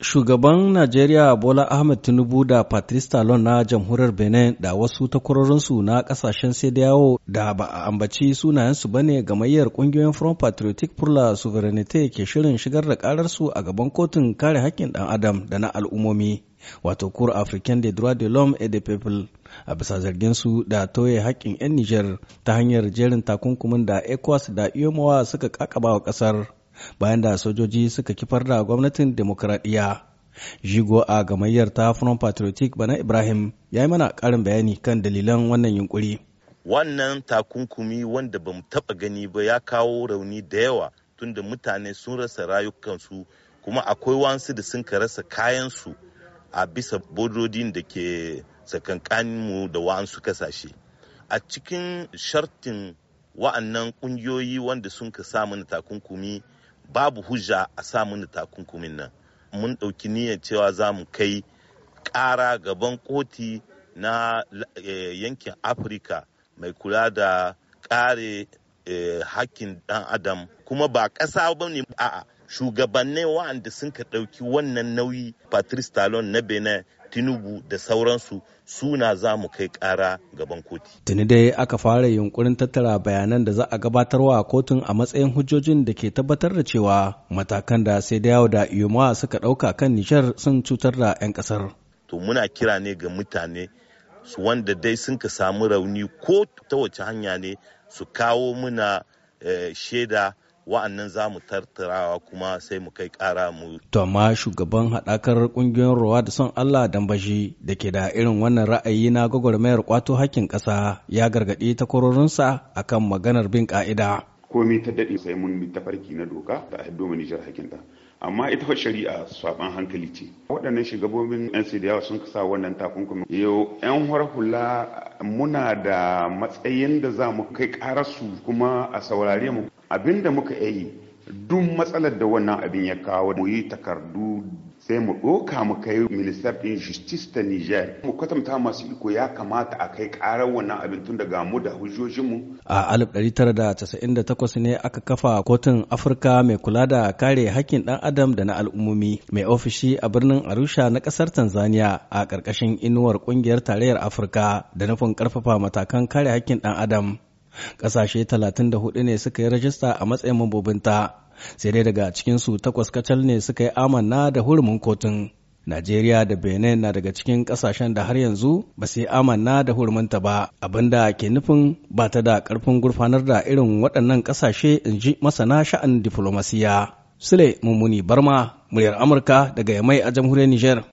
Shugaban Najeriya Bola Ahmed Tinubu da Patrice Talon na jamhuriyar Benin da wasu takwarorinsu na kasashen sai da yawo da ba a ambaci sunayensu ba ne ga gamayyar kungiyoyin Front Patriotic pour la ke shirin shigar da kararsu a gaban kotun kare hakkin ɗan adam da na al'ummomi. Wato Cour Africaine des droits de l'homme et des peuples a bisa zargin su da toye haƙƙin 'yan Niger, ta hanyar jerin takunkumin da ECOWAS da UMOA suka kakaba wa ƙasar. bayan da sojoji suka kifar da gwamnatin demokradiyya jigo a gamayyar ta front patriotic bana ibrahim ya yi mana karin bayani kan dalilan wannan yunkuri wannan takunkumi wanda bamu taba gani ba ya kawo rauni da yawa tunda mutane sun rasa rayukansu kuma akwai wansu da sun ka rasa kayansu a bisa bododin da ke mu da wa'ansu kasashe a cikin shartin wa'annan kungiyoyi wanda sun ka sa mana takunkumi babu hujja a sa da takunkumin nan mun ɗauki niyyar cewa za mu kai ƙara gaban koti na eh, yankin afirka mai kula da ƙare eh, hakkin ɗan adam kuma ba ƙasa ba ne a'a shugabannin wa'anda sun ka ɗauki wannan nauyi patrice talon na benin tinubu da sauransu suna za mu kai ƙara gaban koti. tuni dai aka fara yunkurin tattara bayanan da za a gabatarwa a kotun a matsayin hujjojin da ke tabbatar da cewa matakan da sai da da yuma suka ɗauka kan nishar sun cutar da 'yan ƙasar. to muna kira ne ga mutane su wanda dai sun ka samu rauni ko ta wace hanya ne su kawo muna eh, shaida wa'annan za mu tartarawa kuma sai mu kai ƙara mu. To amma shugaban haɗakar ƙungiyoyin ruwa da son Allah dambashi da ke da irin wannan ra'ayi na gwagwarmayar kwato hakkin ƙasa ya gargaɗi takwarorinsa akan maganar bin ƙa'ida. Komai ta daɗe sai mun bi tafarki na doka ta haddo mu Nijar ta. amma ita fa shari'a saban hankali ce waɗannan shugabobin yan yawa sun kasa wannan takunkumi yau yan hula muna da matsayin da za mu kai ƙararsu kuma a saurare mu abinda muka yi duk matsalar da wannan abin ya kawo mu yi takardu sai mu ɗoka mu kai ministar ɗin justice ta niger mu kwatanta masu iko ya kamata a kai ƙarar wannan abin tun daga mu da mu. a 1998 ne aka kafa kotun afirka mai kula da kare hakkin ɗan adam da na al'ummomi mai ofishi a birnin arusha na ƙasar tanzania a ƙarƙashin inuwar ƙungiyar tarayyar afirka da nufin ƙarfafa matakan kare hakkin ɗan adam Ƙasashe 34 ne suka yi rajista a matsayin mambobinta, sai dai daga cikinsu takwas kacal ne suka yi amanna da hurumin kotun. Najeriya da Benin na daga cikin ƙasashen da har yanzu ba su yi amana da hurumunta ba, abinda ke nufin ba ta da ƙarfin gurfanar da irin waɗannan ƙasashe in ji masana sha'an diflomasiya. Sule Mummuni Barma, muryar Amurka daga Yamai a jamhuriyar Nijar.